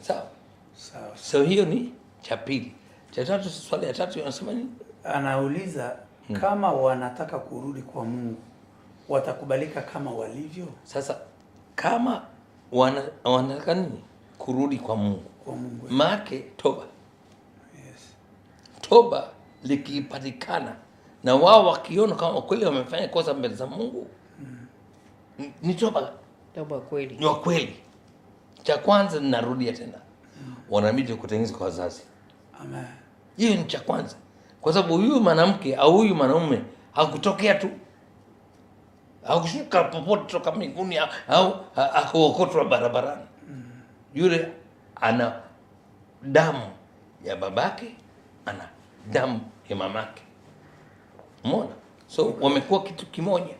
sawa sawa. So hiyo ni cha pili. Cha tatu, swali ya tatu anasema nini? Anauliza hmm, kama wanataka kurudi kwa Mungu watakubalika kama walivyo. Sasa kama wana, wanataka nini kurudi kwa Mungu, kwa Mungu maake toba yes. Toba likipatikana na wao wakiona kama kweli wamefanya kosa mbele za Mungu, hmm, ni toba toba kweli, ni wa kweli cha kwanza ninarudia tena, wanabidi kutengeneza kwa wazazi. Amen. Hiyo ni cha kwanza, kwa sababu huyu mwanamke au huyu mwanaume hakutokea tu, hakushuka popote toka mbinguni au hakuokotwa barabarani. Yule ana damu ya babake, ana damu ya mamake. Umeona? So wamekuwa kitu kimoja,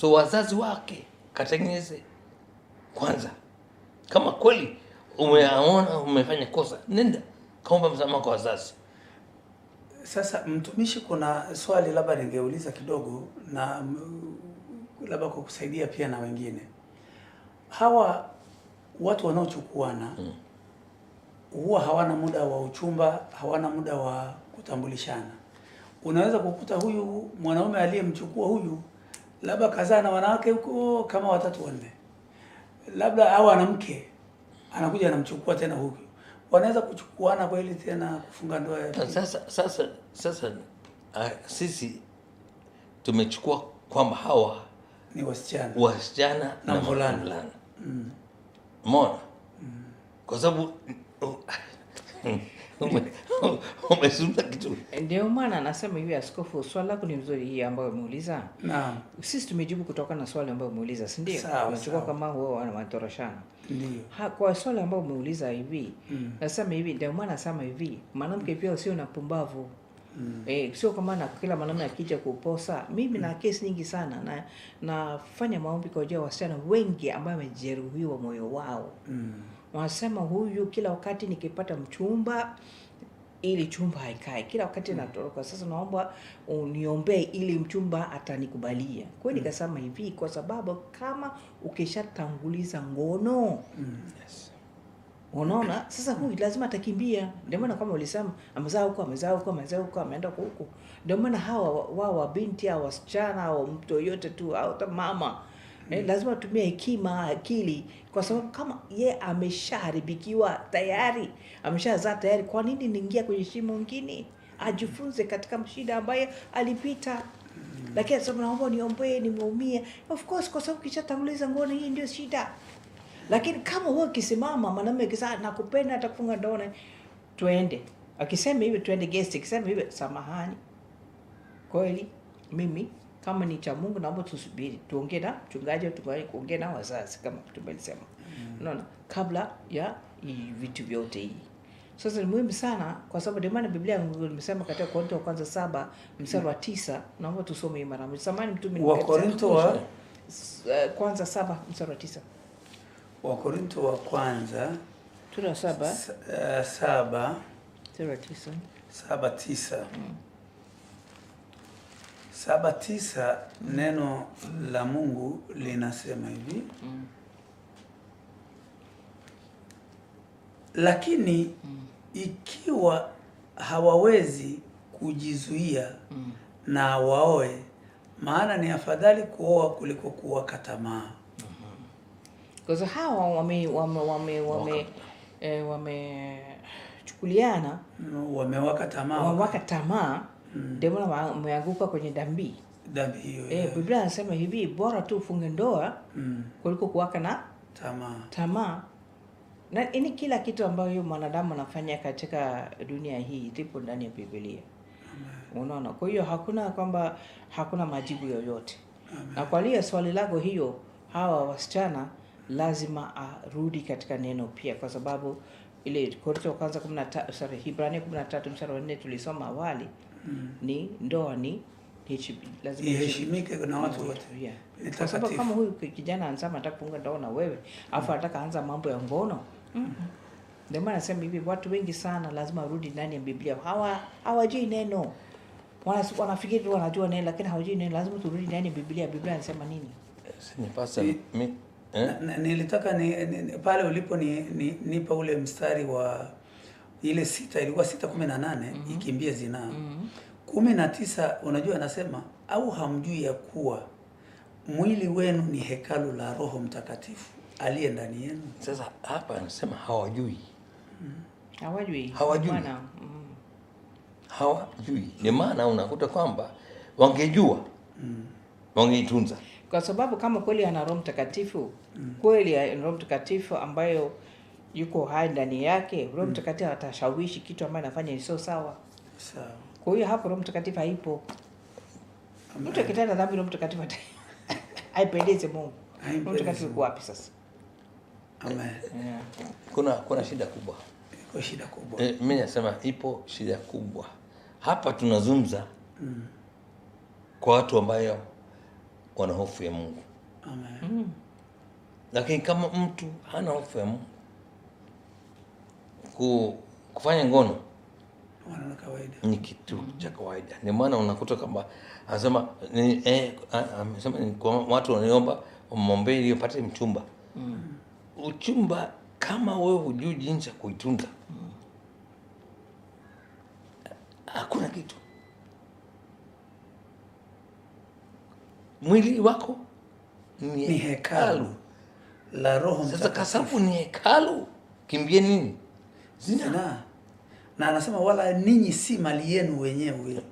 so wazazi wake katengeneze kwanza kama kweli umeona umefanya kosa, nenda kaomba msamaha kwa wazazi. Sasa mtumishi, kuna swali labda ningeuliza kidogo, na labda kwa kusaidia pia na wengine hawa watu wanaochukuana hmm, huwa hawana muda wa uchumba, hawana muda wa kutambulishana. Unaweza kukuta huyu mwanaume aliyemchukua huyu labda kazaa na wanawake huko kama watatu wanne, labda au anamke anakuja anamchukua tena huyu, wanaweza kuchukuana kweli tena kufunga ndoa ya sasa. Sasa sasa A, ah, sisi tumechukua kwamba hawa ni wasichana wasichana na mvulana mona, mm. Mm. kwa sababu umezungumza kitu. Ndio maana anasema yule askofu, swali lako ni mzuri, hii ambayo umeuliza. Naam, sisi tumejibu kutoka na swali ambayo umeuliza, si ndio? Unachukua kama huo matoroshana. Ndio kwa swali ambayo umeuliza hivi, mm. nasema hivi, ndio maana nasema hivi, mwanamke pia sio na pumbavu Mm. Eh, sio kama na kila mwanamume akija kuposa. Mimi mm. na kesi nyingi sana na nafanya maombi kwa ajili ya wasichana wengi ambao wamejeruhiwa moyo wao mm wanasema huyu kila wakati nikipata mchumba ili chumba haikae kila wakati mm. Natoroka sasa, naomba uniombee ili mchumba atanikubalia Kwa hiyo mm. Nikasema hivi, kwa sababu kama ukishatanguliza ngono mm. yes. Unaona sasa, huyu lazima atakimbia. Ndio maana kama ulisema amezaa huko, amezaa huko, amezaa huko, ameenda huko. Ndio maana hawa wao wabinti au wasichana au mtu yote tu au mama eh, mm. lazima tumia hekima, akili, kwa sababu kama ye ameshaharibikiwa tayari, ameshazaa tayari, kwa nini niingia kwenye shimo ngine? Ajifunze katika mshida ambaye alipita mm. lakini sababu naomba niombee, nimeumia, of course, kwa sababu kishatanguliza ngono, hii ndio shida. Lakini kama wewe ukisimama, mwanamume akisema nakupenda, atakufunga ndoa, twende, akisema hivi twende guest, akisema hivi, samahani, kweli mimi kama ni cha Mungu, naomba tusubiri, tuongee na mchungaji au tuongee na wazazi, kama tumelisema mm. unaona mm. kabla ya vitu vyote hivi. Sasa ni muhimu sana, kwa sababu ndio maana Biblia imesema katika Korinto wa kwanza saba mstari wa tisa. Naomba tusome hii mara moja. Samani mtume ni Korinto wa kwanza saba mstari wa tisa. Wa Korinto wa kwanza sura saba eh, saba mstari tisa saba tisa mm saba tisa neno la Mungu linasema hivi mm. Lakini mm. ikiwa hawawezi kujizuia mm. na waoe, maana ni afadhali kuoa kuliko kuwakata tamaa. Kwa hiyo hawa wame wame wame wame wame eh, wamechukuliana wamewaka tamaa wamewaka tamaa ndio hmm. maana umeanguka kwenye dhambi dhambi hiyo. Eh, yeah. Biblia anasema hivi, bora tu ufunge ndoa mm. kuliko kuwaka na tamaa tamaa. Na ini kila kitu ambayo mwanadamu anafanya katika dunia hii ipo ndani ya Biblia. Unaona, kwa hiyo hakuna kwamba hakuna majibu yoyote. Amen. Na kwa lia swali lako hiyo, hawa wasichana lazima arudi katika neno pia, kwa sababu ile Korintho wa kwanza 13 sorry, Hibrania 13 mstari wa 4 tulisoma awali. mm. Mm. ni ndoa ni lazima kama huyu kijana anasema anataka kufunga ndoa na wewe mm. anataka anza mambo ya ngono mm -hmm. hivi, watu wengi sana lazima warudi ndani ya Biblia, hawa hawajui neno, wanafikiri wanajua neno, lakini hawajui neno. Lazima turudi ndani ya Biblia. Biblia nini? Eh? Nilitaka ni, ni, pale ulipo ni, ni, nipa ule mstari wa ile sita ilikuwa sita kumi na nane mm -hmm. ikimbie zinaa mm -hmm. kumi na tisa unajua anasema au hamjui ya kuwa mwili wenu ni hekalu la Roho Mtakatifu aliye ndani yenu. Sasa hapa anasema hawajui mm -hmm. hawajui hawajui mm -hmm. hawajui, ni maana unakuta kwamba wangejua mm -hmm. wangeitunza, kwa sababu kama kweli ana Roho Mtakatifu mm -hmm. kweli ana Roho Mtakatifu ambayo yuko hai ndani yake, Roho mm. Mtakatifu atashawishi kitu ambacho anafanya sio sawa. Sawa. Kwa hiyo hapo Roho Mtakatifu haipo. Mtu akitenda dhambi Roho Mtakatifu haipendezi Mungu. Roho Mtakatifu yuko wapi sasa? Amen. Yeah. Kuna kuna shida kubwa. Kuna shida kubwa. Eh, mimi nasema ipo shida kubwa. Hapa tunazungumza mm. kwa watu ambayo wana hofu ya Mungu. Amen. Mm. Lakini kama mtu hana hofu ya Mungu ku, kufanya ngono ni kitu cha kawaida. Ndio maana unakuta kwamba anasema eh, kwa watu wanaomba mombe ili upate mchumba mm. Uchumba kama wewe hujui jinsi ya kuitunza mm. hakuna kitu. Mwili wako ni hekalu la Roho Mtakatifu. Sasa kasafu ni hekalu, kimbie nini? zina, na anasema wala ninyi si mali yenu wenyewe.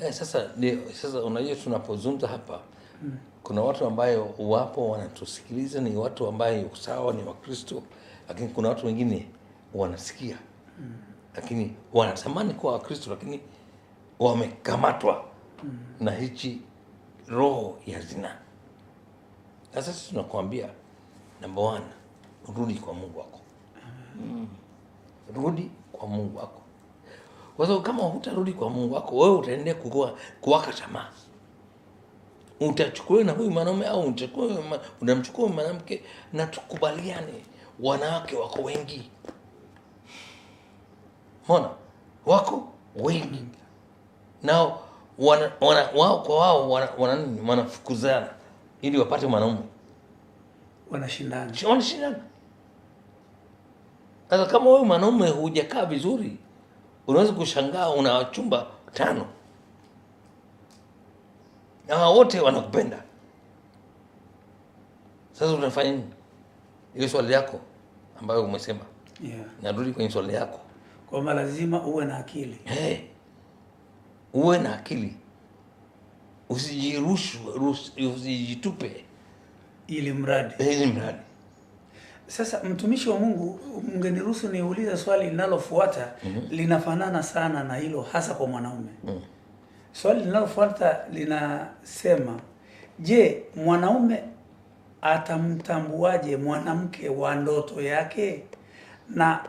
Eh, sasa ni, sasa unajua tunapozungumza hapa hmm. kuna watu ambayo wapo wanatusikiliza ni watu ambayo sawa ni Wakristo, lakini kuna watu wengine wanasikia hmm. lakini wanatamani kuwa Wakristo lakini wamekamatwa hmm. na hichi roho ya zina. Sasa tunakuambia namba 1 rudi kwa Mungu wako hmm rudi kwa Mungu wako, kwa sababu kama hutarudi kwa Mungu wako, wewe utaendelea kukua kuwaka tamaa. utachukua na huyu mwanaume au unamchukua mwanamke, na tukubaliane, wanawake wako wengi, mbona wako wengi nao wana, wana, wao kwa wao wanafukuzana nini, wanafukuzana ili wapate mwanaume, wanashindana wanashindana sasa kama wewe mwanaume hujakaa vizuri, unaweza kushangaa una chumba tano na wote wanakupenda. Sasa unafanya nini? Ile swali yako ambayo umesema, yeah. Narudi kwenye swali yako kwamba lazima uwe na akili hey. Uwe na akili, usijirushwe, usijitupe ili mradi ili mradi sasa mtumishi wa Mungu, ungeniruhusu niulize swali linalofuata mm -hmm. linafanana sana na hilo hasa kwa mwanaume mm -hmm. Swali linalofuata linasema, je, mwanaume atamtambuaje mwanamke wa ndoto yake na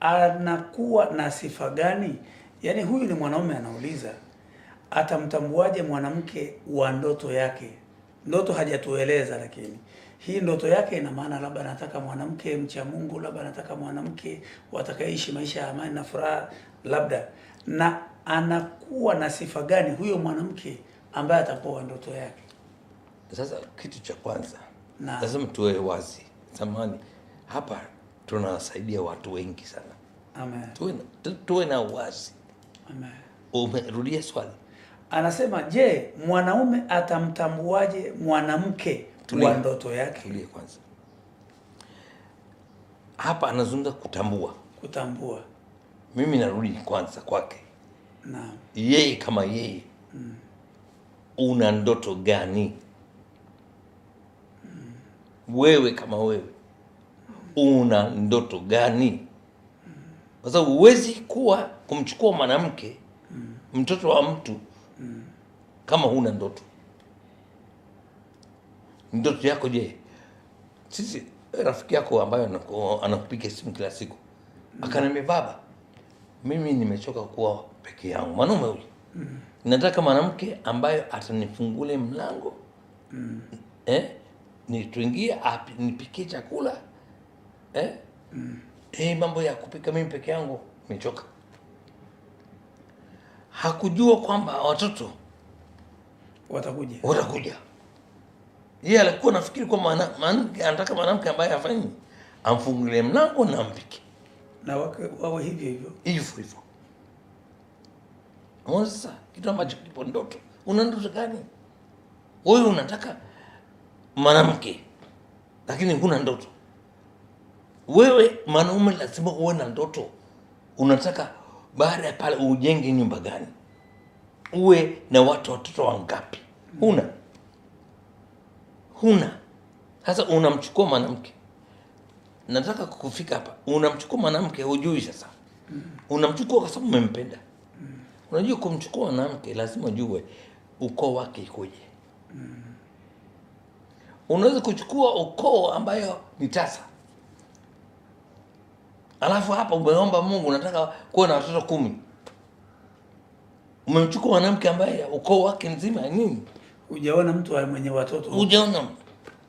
anakuwa na sifa gani? Yaani huyu ni mwanaume anauliza, atamtambuaje mwanamke wa ndoto yake? Ndoto hajatueleza lakini hii ndoto yake ina maana labda anataka mwanamke mcha Mungu, labda anataka mwanamke watakaishi maisha ya amani na furaha, labda na anakuwa na sifa gani huyo mwanamke ambaye atapoa ndoto yake? Sasa kitu cha kwanza lazima tuwe wazi, samahani, hapa tunawasaidia watu wengi sana. Amen. Tuwe, tuwe na wazi. Amen. Umerudia swali, anasema je, mwanaume atamtambuaje mwanamke kuwa ndoto yake. Tulia kwanza, hapa anazungumza kutambua, kutambua. Mimi narudi kwanza kwake, naam, yeye kama yeye mm. una ndoto gani? mm. wewe kama wewe una ndoto gani? Kwa sababu huwezi kuwa kumchukua mwanamke mm. mtoto wa mtu mm. kama huna ndoto Ndoto yako je? Sisi eh, rafiki yako ambayo anakupiga simu kila siku akaniambia, baba, mimi nimechoka kuwa peke yangu, mwanaume huyu mm. nataka mwanamke ambayo atanifungule mlango mm. eh? nituingie nipikie chakula eh? mm. hii eh, mambo ya kupika mimi peke yangu nimechoka. Hakujua kwamba watoto watakuja watakuja yeye alikuwa nafikiri kwa anataka mwanamke ambaye afanye amfungulie mlango na ampike na wawe hivyo hivyo hivyo hivyo. Sasa kitu ambacho kipo ndoto, una ndoto gani wewe? Unataka mwanamke lakini huna ndoto wewe. Mwanaume lazima uwe na ndoto. Unataka baada ya pale ujenge nyumba gani, uwe na watu watoto wangapi? Huna huna. Sasa unamchukua mwanamke, nataka kufika hapa, unamchukua mwanamke, hujui sasa unamchukua kwa sababu umempenda. Unajua, kumchukua mwanamke lazima ujue ukoo wake ikoje. Unaweza kuchukua ukoo ambayo ni tasa, alafu hapa umeomba Mungu, nataka kuwa na watoto kumi, umemchukua mwanamke ambaye ukoo wake nzima nini Ujaona mtu wa mwenye watoto, ujaona,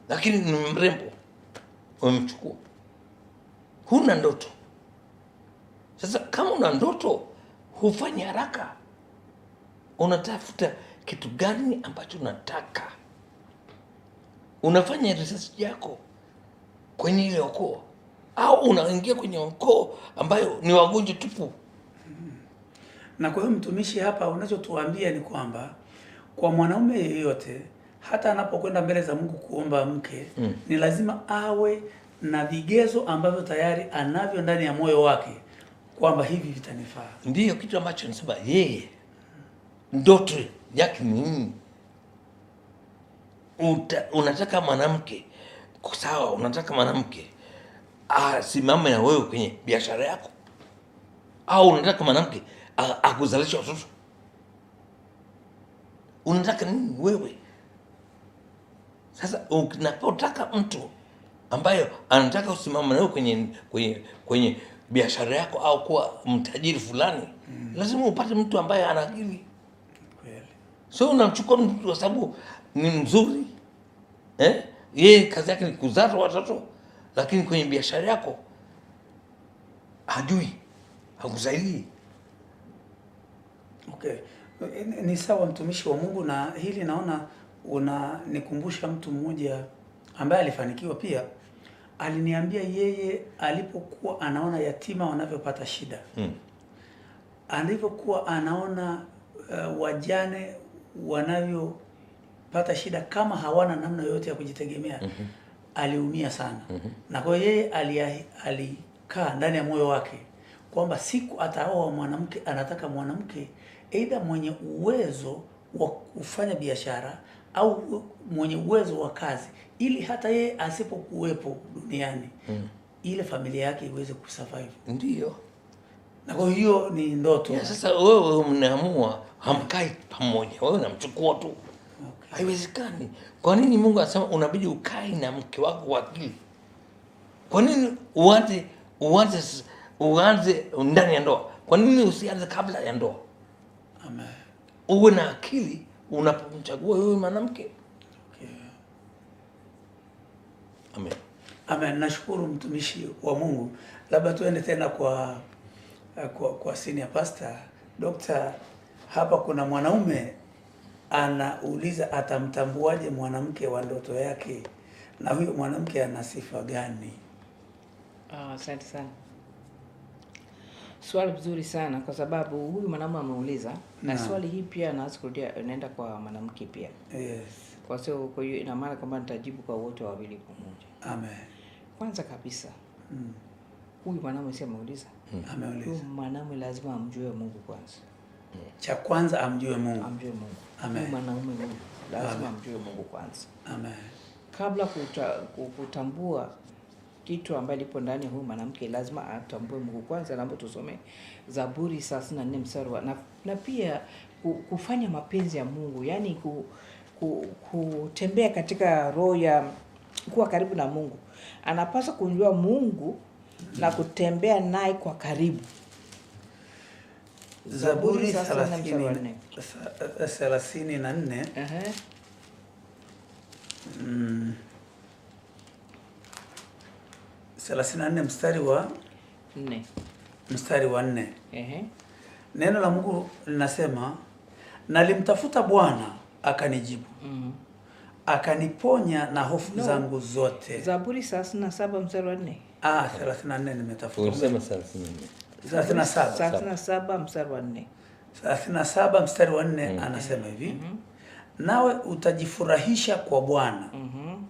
lakini ni mrembo, umemchukua. Huna ndoto. Sasa kama una ndoto, hufanya haraka, unatafuta kitu gani ambacho unataka, unafanya research yako kwenye ile ukoo, au unaingia kwenye ukoo ambayo ni wagonjwa tupu. Na kwa hiyo mtumishi, hapa unachotuambia ni kwamba kwa mwanaume yeyote, hata anapokwenda mbele za Mungu kuomba mke mm. ni lazima awe na vigezo ambavyo tayari anavyo ndani ya moyo wake kwamba hivi vitanifaa. Ndiyo kitu ambacho nasema yeye ndoto yake ni nini? Unataka mwanamke sawa, unataka mwanamke asimame na wewe kwenye biashara yako, au unataka mwanamke akuzalisha watoto unataka nini wewe? Sasa unapotaka mtu ambayo anataka usimama nawe kwenye, kwenye, kwenye biashara yako au kuwa mtajiri fulani mm. lazima upate mtu ambaye ana akili so unamchukua mtu kwa sababu ni mzuri eh? Yeye kazi yake ni kuzata watoto, lakini kwenye biashara yako hajui, hakusaidii. Okay. Ni sawa mtumishi wa Mungu, na hili naona unanikumbusha mtu mmoja ambaye alifanikiwa pia. Aliniambia yeye alipokuwa anaona yatima wanavyopata shida mm. alivyokuwa anaona uh, wajane wanavyopata shida kama hawana namna yoyote ya kujitegemea mm -hmm. aliumia sana mm -hmm. na kwa yeye alikaa ndani ya moyo wake kwamba siku ataoa mwanamke, anataka mwanamke aidha mwenye uwezo wa kufanya biashara au mwenye uwezo wa kazi, ili hata yeye asipokuwepo duniani mm. ile familia yake iweze kusurvive. Ndio, na kwa hiyo ni ndoto ya, sasa wewe mnaamua hamkai pamoja, wewe unamchukua tu okay. Haiwezekani. Kwa nini Mungu anasema unabidi ukai na mke wako wa Kwa nini uanze uanze uanze ndani ya ndoa? Kwa nini usianze kabla ya ndoa? Amen. Uwe na akili unapomchagua huyu mwanamke. Amen. Amen. Nashukuru mtumishi wa Mungu. Labda tuende tena kwa kwa, kwa senior pastor. Dokta, hapa kuna mwanaume anauliza atamtambuaje mwanamke wa ndoto yake, na huyo mwanamke ana sifa gani? Ah, asante oh, sana. Swali mzuri sana kwa sababu huyu mwanamume ameuliza na, na swali hii pia naweza kurudia, naenda kwa mwanamke pia. Yes. Kwa sababu kwa hiyo ina maana kwamba nitajibu kwa wote wawili pamoja. Amen. Kwanza kabisa mm. huyu mwanamume si ameuliza. Mm. Ameuliza. Huyu mwanamume lazima amjue Mungu kwanza. Mm. Cha kwanza amjue Mungu. Amjue Mungu. Amen. Huyu mwanamume lazima amjue Mungu kwanza. Amen. Kabla kuta, kutambua kitu ambayo lipo ndani huyu mwanamke lazima atambue Mungu kwanza. Naomba tusome Zaburi 34 mstari wa na, na pia kufanya mapenzi ya Mungu, yani ku, ku, kutembea katika roho ya kuwa karibu na Mungu. Anapaswa kumjua Mungu na kutembea naye kwa karibu. Zaburi 34 uh -huh. mm. 34 mstari wa nne mstari wa nne. Ehe. Neno la Mungu linasema nalimtafuta Bwana akanijibu, mm. akaniponya na hofu no. zangu zote. Zaburi saba mstari wa nne Ah, 34 nimetafuta. Unasema 34. 37. 37 mstari wa mstari wa 4 mm. anasema hivi. Mm -hmm. Nawe utajifurahisha kwa Bwana. Mm -hmm.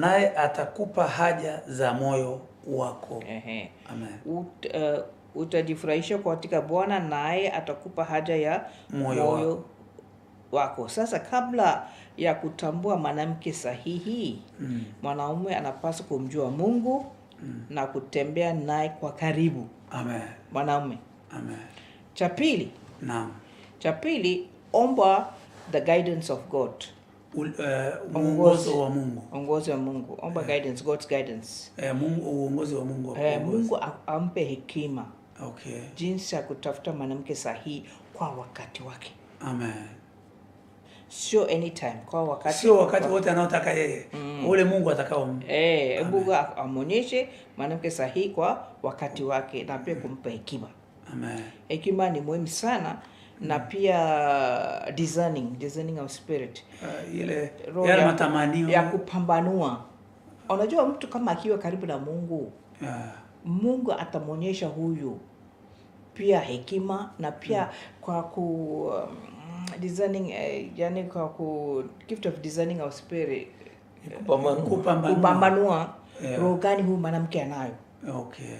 Naye atakupa haja za moyo wako. Ehe. Amen. Ut, uh, utajifurahisha katika Bwana naye atakupa haja ya moyo wako wako. Sasa kabla ya kutambua mwanamke sahihi, mm. mwanaume anapaswa kumjua Mungu mm. na kutembea naye kwa karibu. Amen. Mwanaume. Amen. Cha pili. Naam. Cha pili, omba the guidance of God uongozi eh, wa Mungu, uongozi wa Mungu, omba eh. guidance, God's guidance. Eh, Mungu, uongozi wa Mungu, eh, Mungu ampe hekima, okay, jinsi ya kutafuta mwanamke sahihi kwa wakati wake. Amen. Sio anytime, kwa wakati, sio wakati wote anaotaka yeye, mm. ule Mungu atakao, eh, Mungu amonyeshe mwanamke sahihi kwa wakati wake na pia kumpa hekima. Amen. Hekima ni muhimu sana na pia designing, designing of spirit uh, ile roho ya matamanio ya kupambanua. Unajua, mtu kama akiwa karibu na Mungu yeah. Mungu atamwonyesha huyu pia hekima na pia mm, kwa ku um, designing uh, eh, yani kwa ku gift of designing of spirit kupambanua yeah, roho gani huyu mwanamke anayo. Okay,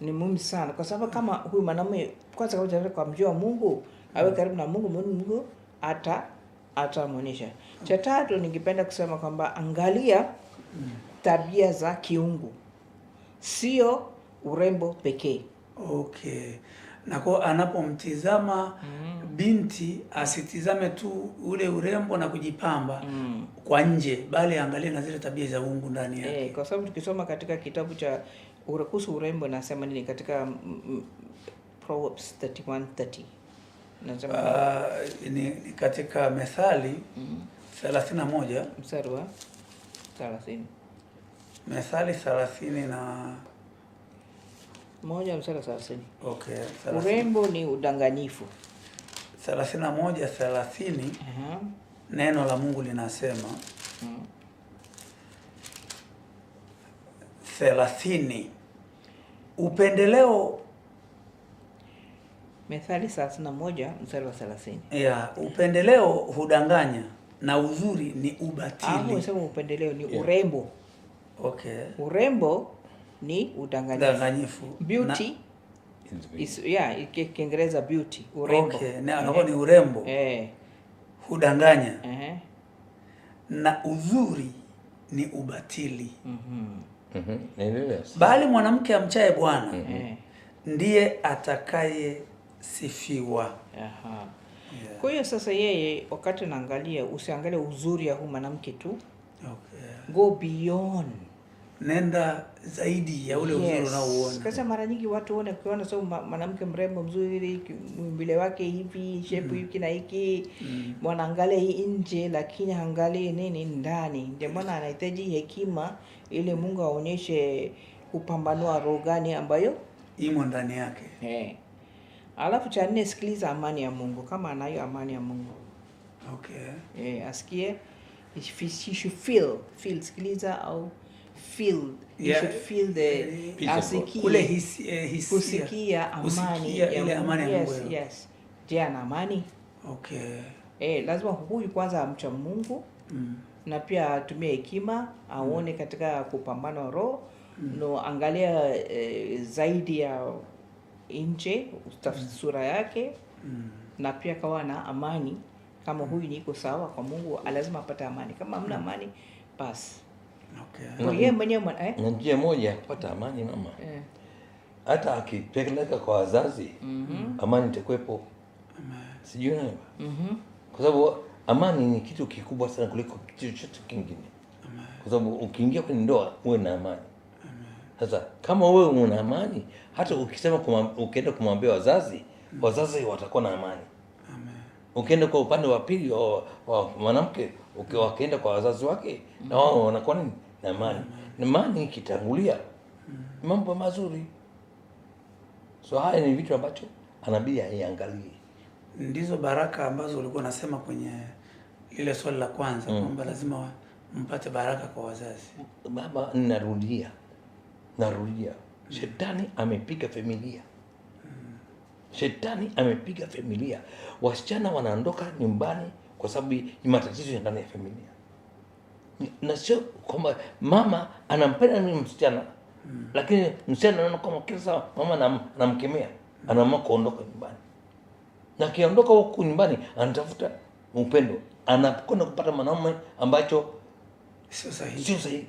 ni muhimu sana kwa sababu kama huyu mwanamume kwanza kwa mjua Mungu awe karibu na Mungu, Mungu ata atamwonyesha. Cha tatu, ningependa kusema kwamba angalia tabia za kiungu, sio urembo pekee. Okay, na kwa anapomtizama mm. binti asitizame tu ule urembo na kujipamba mm. kwa nje, bali angalie na zile tabia za uungu ndani yake eh, kwa sababu tukisoma katika kitabu cha kuhusu urembo nasema nini katika Proverbs 31:30 uh, ni, ni katika Methali mm-hmm. thelathini na moja mstari wa thelathini Methali thelathini na moja mstari wa thelathini okay, urembo ni udanganyifu. thelathini na moja thelathini uh -huh. Neno la Mungu linasema uh mm-hmm. -huh. upendeleo Methali 31 mstari wa 30. Yeah, upendeleo hudanganya na uzuri ni ubatili. Ah, sema upendeleo ni yeah. Urembo. Okay. Urembo ni udanganyifu. Beauty na... Is, yeah, Kiingereza beauty, urembo. Okay, na ni urembo. Eh. Hudanganya. Uh -huh. Na uzuri ni ubatili. Mm -hmm. Mm -hmm. Bali mwanamke amchaye Bwana mm -hmm. ndiye atakaye sifiwa. Aha. Yeah. Kwa hiyo sasa yeye wakati naangalia usiangalie uzuri ya huyu mwanamke tu. Okay. Go beyond. Nenda zaidi ya ule yes, uzuri unaouona. Sasa mara nyingi watu one kuona so mwanamke mrembo mzuri, mwimbile wake hivi, shepu mm. hiki na hiki. Mm. Mwanaangalia hii nje lakini angalie nini ndani. Ndio maana anahitaji hekima ili Mungu aonyeshe kupambanua roho gani ambayo imo ndani yake. Eh. Hey. Alafu cha nne, sikiliza amani ya Mungu kama anayo amani ya Mungu. Okay. Eh, asikie you should feel, feel sikiliza au feel you yeah. should feel the asikie kule his, eh, hisi, kusikia amani ya Mungu. Amani ya yes, Mungu. Yes, yes. Je, ana amani? Okay. Eh, lazima huyu kwanza amcha Mungu mm. na pia atumie hekima aone mm. katika kupambana roho mm. no angalia eh, zaidi ya nje sura yake mm. na pia kawa na amani kama mm. huyu niko sawa kwa Mungu, lazima apate amani. Kama hamna mm. amani basi okay. Yeye mwana, eh? na njia moja kupata amani mama eh. hata akipeleka kwa wazazi mm -hmm. amani itakuwepo, sijui nani mm -hmm. kwa sababu amani ni kitu kikubwa sana kuliko kitu chochote kingine, kwa sababu ukiingia kwenye ndoa uwe na amani sasa kama wewe una amani, hata ukisema ukienda kumwambia wazazi, mm. wazazi watakuwa na amani. Amen. Ukienda kwa upande wa pili wa mwanamke, mm. wakienda kwa wazazi wake mm. na wao wanakuwa nini na amani. Amani ikitangulia mambo mazuri. So haya ni vitu ambacho anabidi aiangalie, ndizo baraka ambazo ulikuwa unasema kwenye lile swali la kwanza mm, kwamba lazima mpate baraka kwa wazazi. Baba, ninarudia Narudia, shetani amepiga familia, shetani amepiga familia. Wasichana wanaondoka nyumbani kwa sababu ni matatizo ya ndani ya familia, na sio kwamba mama anampenda ni msichana lakini msichana anaona kama kila saa mama anamkemea, anaamua kuondoka nyumbani, na akiondoka huku nyumbani anatafuta upendo, anakwenda kupata mwanaume ambacho sio sahihi.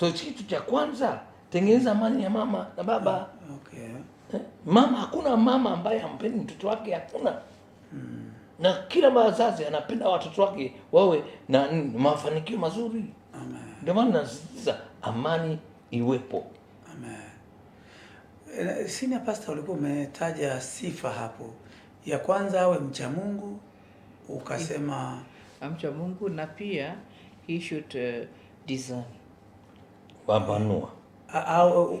So kitu cha kwanza tengeneza amani ya mama na baba. Okay. Eh? Mama, hakuna mama ambaye hampendi mtoto wake, hakuna mm. Na kila mzazi anapenda watoto wake wawe na mafanikio mazuri. Ndio maana nasisitiza amani iwepo. Amen. Eh, Sina pasta, ulikuwa umetaja sifa hapo, ya kwanza awe mcha Mungu, ukasema amcha Mungu na pia he should uh, design kupambanua au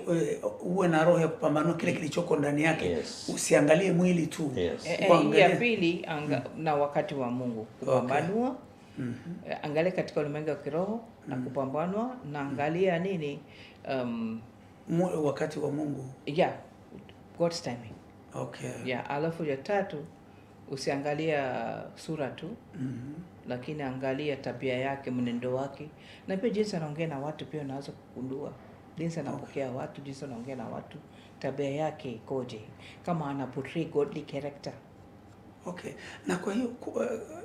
uwe na roho ya kupambanua kile kilichoko ndani yake. Yes. Usiangalie mwili tu. Yes. E, e ya pili anga, mm. na wakati wa Mungu kupambanua. Okay. mm -hmm. E, angalia katika ulimwengu wa kiroho mm -hmm. na mm-hmm. kupambanua na mm-hmm. angalia nini, um, wakati wa Mungu. Yeah. God's timing. Okay. Yeah, alafu ya tatu usiangalia uh, sura tu mm -hmm. Lakini angalia tabia yake, mwenendo wake, na pia jinsi anaongea na watu. Pia unaweza kugundua jinsi anapokea okay. watu, jinsi anaongea na watu, tabia yake ikoje, kama ana godly character Okay. Na kwa hiyo uh,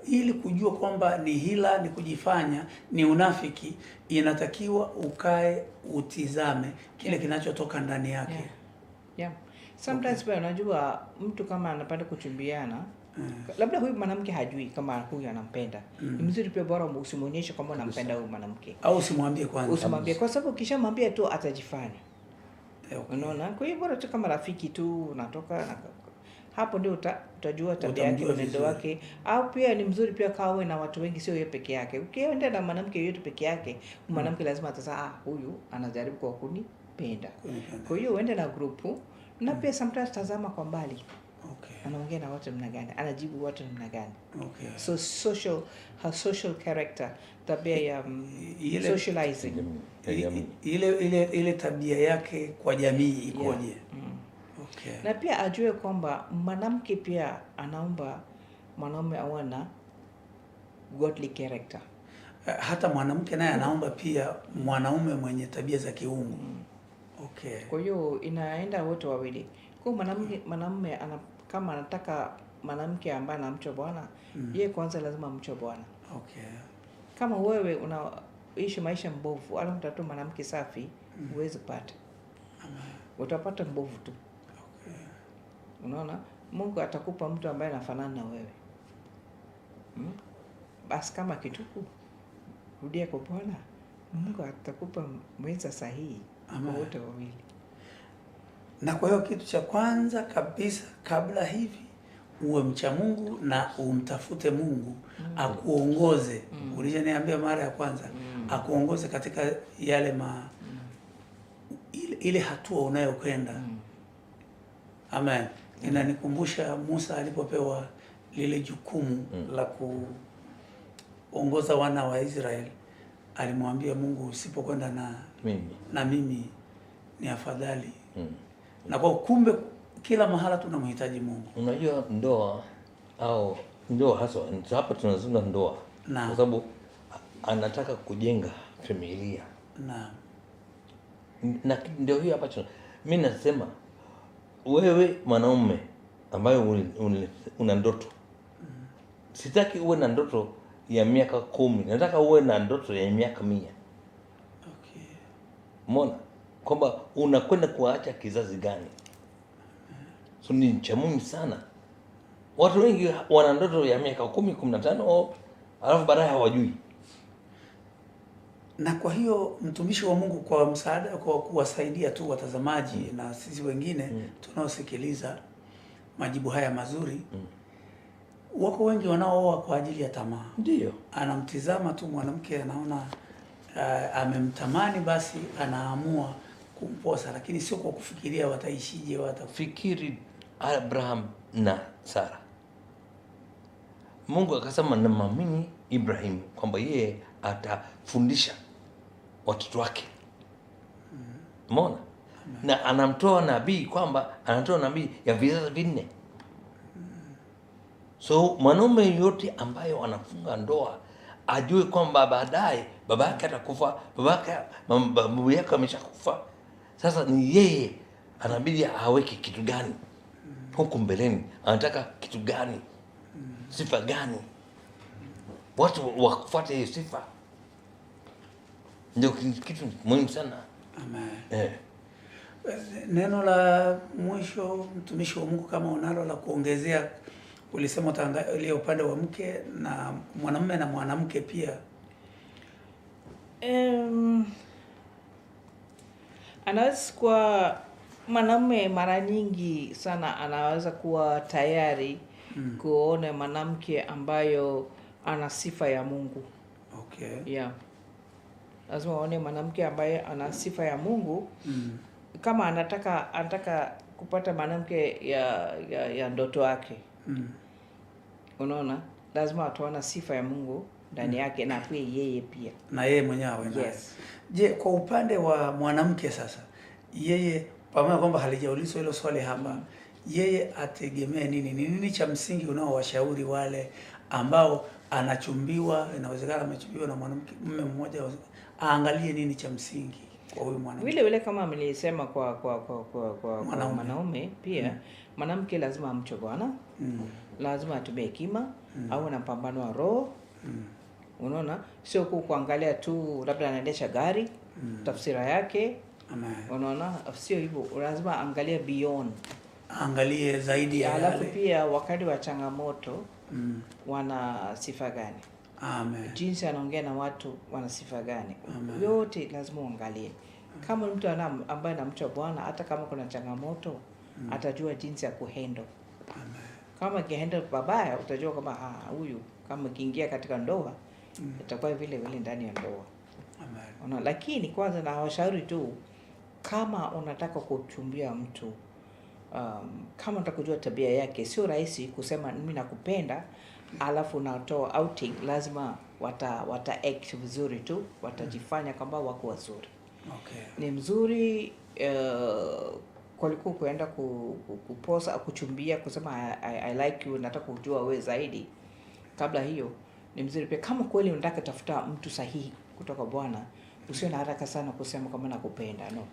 ili kujua kwamba ni hila, ni kujifanya, ni unafiki, inatakiwa ukae utizame kile kinachotoka ndani yake. Yeah. Yeah. Sometimes okay. Unajua mtu kama anapenda kuchumbiana mm. labda huyu mwanamke hajui kama huyu anampenda mm. ni mzuri pia, bora usimwonyeshe kwamba unampenda huyu mwanamke, au usimwambie kwanza, usimwambie kwa sababu ukishamwambia tu atajifanya eh, okay. Unaona, kwa hiyo bora tu kama rafiki tu unatoka na hapo ndio uta, utajua tabia yake mwenendo wake. Au pia ni mzuri pia kawe na watu wengi, sio yeye peke yake. Ukienda na mwanamke yoyote peke yake, mm. mwanamke mm. lazima atasaa ah, huyu anajaribu kwa kunipenda. Kwa hiyo uende na grupu na mm. pia sometimes tazama kwa mbali okay. Anaongea na watu namna gani, anajibu watu namna gani. Okay. So social, her social character, tabia ya mm, ile socializing, ile ile ile tabia yake kwa jamii ikoje? Yeah. Mm. Okay. Na pia ajue kwamba mwanamke pia anaomba mwanaume awe na godly character. Eh, hata mwanamke naye mm. anaomba pia mwanaume mwenye tabia za kiungu. Mm. Okay. Kwa hiyo inaenda wote wawili. Kwa mwanamke, mm. mwanaume ana kama anataka mwanamke ambaye anamcha Bwana mm. yeye kwanza lazima amche Bwana. Okay. Kama wewe unaishi maisha mbovu, ala mtatu mwanamke safi mm. kupata. pata Utapata mbovu tu. Okay. Unaona? Mungu atakupa mtu ambaye anafanana na wewe. Hmm? Basi kama kituku rudia kwa Bwana, Mungu atakupa mweza sahihi wote wawili. Na kwa hiyo kitu cha kwanza kabisa kabla hivi uwe mcha Mungu na umtafute Mungu mm. akuongoze mm. niambia mara ya kwanza mm. akuongoze katika yale ma mm. ile, ile hatua unayokwenda mm. Amen mm. inanikumbusha Musa alipopewa lile jukumu mm. la kuongoza wana wa Israeli, alimwambia Mungu usipokwenda na mimi, na mimi ni afadhali mm na kwa ukumbe kila mahala tunamhitaji Mungu. Unajua ndoa au ndoa hasa hapa tunazungumza ndoa, kwa sababu anataka kujenga familia na, na ndio hiyo hapa mimi nasema wewe mwanaume ambayo una ndoto mm. Sitaki uwe na ndoto ya miaka kumi, nataka uwe na ndoto ya miaka mia. Okay. Mona kwamba unakwenda kuwaacha kizazi gani? So ni cha muhimu sana. Watu wengi wana ndoto ya miaka kumi, kumi na tano, alafu baadaye hawajui. Na kwa hiyo mtumishi wa Mungu, kwa msaada, kwa kuwasaidia tu watazamaji mm. na sisi wengine mm. tunaosikiliza majibu haya mazuri mm. wako wengi wanaooa kwa ajili ya tamaa. Ndio anamtizama tu mwanamke, anaona uh, amemtamani, basi anaamua kumposa, lakini sio kwa kufikiria wataishije, watafikiri. Abraham na Sara, Mungu akasema namwamini Ibrahimu kwamba yeye atafundisha watoto wake, umeona hmm. na anamtoa nabii kwamba anatoa nabii ya vizazi vinne hmm. so mwanaume yote ambayo anafunga ndoa ajue kwamba baadaye baba yake atakufa, baba yake, babu yake ameshakufa sasa ni yeye anabidi aweke kitu gani huku mbeleni, anataka kitu gani, sifa gani, watu wakufuata hiyo sifa, ndio kitu muhimu sana. Amen. Eh. Neno la mwisho mtumishi wa Mungu, kama unalo la kuongezea, ulisema utaangalia upande wa mke na mwanamume na mwanamke pia. Um, Anaweza kuwa mwanamume mara nyingi sana anaweza kuwa tayari mm. kuona mwanamke ambayo ana sifa ya Mungu. Okay. Yeah. Lazima aone mwanamke ambaye ana sifa ya Mungu mm. kama anataka anataka kupata mwanamke ya, ya, ya ndoto yake mm. Unaona, lazima ataona sifa ya Mungu ndani mm. yake na pia yeye pia na yeye mwenyewe yes. Je, kwa upande wa mwanamke sasa, yeye pamoja kwamba halijaulizwa hilo swali hapa, mm. yeye ategemee nini? Ni nini cha msingi unaowashauri wale ambao anachumbiwa, inawezekana amechumbiwa na mwanamke mume mmoja, aangalie nini cha msingi kwa huyu mwanamke? Vile vile kama mlisema kwa kwa kwa kwa, kwa mwanaume, mwanaume pia mm. Mwanamke lazima amche Bwana mm. Lazima atumie hekima mm. au na mpambano wa roho mm. Unaona, sio ku kuangalia tu labda anaendesha gari mm. tafsira yake unaona, sio hivyo, lazima angalia beyond, angalie zaidi ya alafu yale. Pia wakati wa changamoto mm. wana sifa gani? Amen. Jinsi anaongea na watu wana sifa gani? Amen. Yote lazima uangalie mm. kama mtu ana ambaye anamcha Bwana, hata kama kuna changamoto mm. atajua jinsi ya kuhandle. Amen. Kama kihandle babaya, utajua kama ah, huyu kama kiingia katika ndoa mm. itakuwa vile vile ndani ya ndoa. Amen. Lakini kwanza na washauri tu, kama unataka kuchumbia mtu um, kama unataka kujua tabia yake, sio rahisi kusema mimi nakupenda alafu natoa outing. Lazima wata, wata act vizuri tu, watajifanya mm. kwamba wako wazuri. Okay. Ni mzuri uh, kuliko kuenda kuposa kuchumbia kusema I, I, I like you, nataka kujua wewe zaidi. Kabla hiyo ni mzuri pia. Kama kweli unataka tafuta mtu sahihi kutoka Bwana, usiwe na haraka sana kusema kama nakupenda no.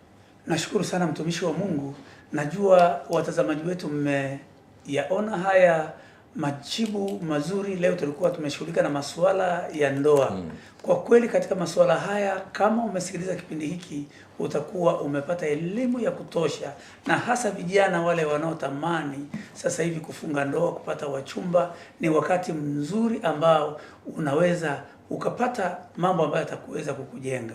Nashukuru sana mtumishi wa Mungu, najua watazamaji wetu mmeyaona haya majibu mazuri. Leo tulikuwa tumeshughulika na masuala ya ndoa mm. Kwa kweli katika masuala haya, kama umesikiliza kipindi hiki, utakuwa umepata elimu ya kutosha, na hasa vijana wale wanaotamani sasa hivi kufunga ndoa, kupata wachumba, ni wakati mzuri ambao unaweza ukapata mambo ambayo yatakuweza kukujenga.